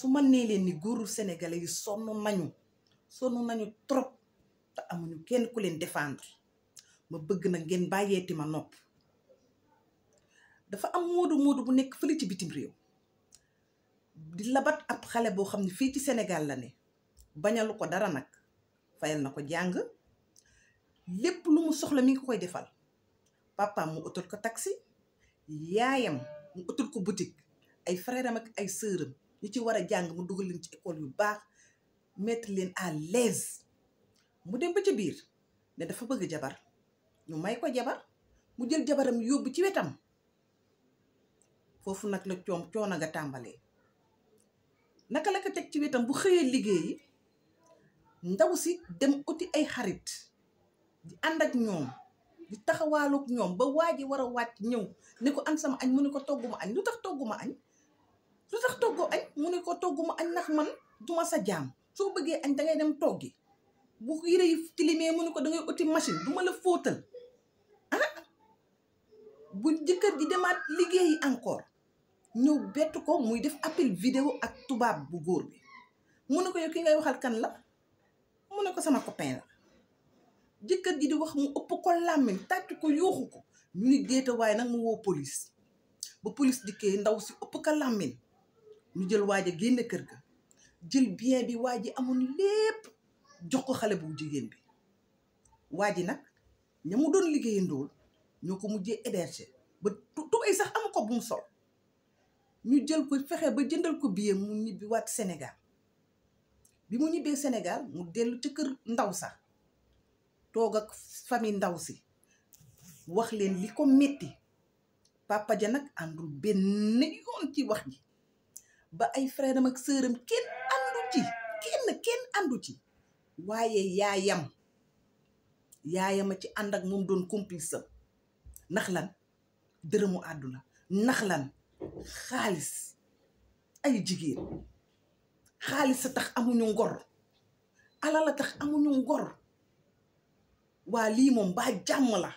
su ma nee leen ni góoru sénégalais yu sonn nañu sonn nañu trop te amuñu kenn ku leen défendre ma bëgg na ngeen bàyyeeti ma nopp dafa am moodu muudu bu nekk fële ci bitim réew di labat ab xale boo xam ne fii ci Sénégal la ne bañalu ko dara nag fayal na ko jàng lépp lu mu soxla mi ngi koy defal papa mu utal ko taxi yaayam mu utal ko butik ay frère am ak ay sœuram ñu ci war a jàng mu dugal leen ci école yu baax metti leen à l'aise mu dem ba ci biir ne dafa bëgg jabar ñu may ko jabar mu jël jabaram yóbbu ci wetam foofu nag la coom coono ga tàmbalee naka la ko teg ci wetam bu xëyee liggéeyi ndaw si dem uti ay xarit di ànd ak ñoom di taxawaaloog ñoom ba waa ji war a wàcc ñëw ne ko an sama añ mu ne ko togguma añ lu tax togguma añ lu tax toggoo mu ne ko togguma añ nax man duma sa jaam soo bëggee añ dangay dem toggi bu yére yi tilimee mu ne ko dangay uti machine duma la fóotal ah bu jëkkër ji demaat liggéeyi encore ñëw bett ko muy def appel vidéo ak tubaab bu góor bi mu ne ko yow ki ngay waxal kan la mu ko sama copain la jëkkër ji di wax mu ëpp ko làmmiñ tàcc ko yuuxu ko ñu ni déeta waaye nag mu woo police ba police dikkee ndaw si ëpp ko làmmiñ ñu jël waaj a génne kër ga jël bien bi waaj ji amoon lépp jox ko xale bu jigéen bi waaj ji nag ña doon liggéeya ndool ñoo ko mujjee héberger ba tubay sax am ko bu mu sol ñu jël ko fexe ba jëndal ko billet mu ñibbi waat Sénégal bi mu ñibbee Sénégal mu dellu ca kër ndaw sax toog ak famille ndaw si wax leen li ko metti papa ja nag àndul benn yoon ci wax ji ba ay frère ak sœur am kenn àndu ci kenn kenn àndu ci waaye yaayam yaayam a ci ànd ak moom doon complice am ndax lan dërëmu àdduna ndax lan xaalis ay jigéen xaalis a tax amuñu ngor alal a tax amuñu ngor waa lii moom baa jàmm la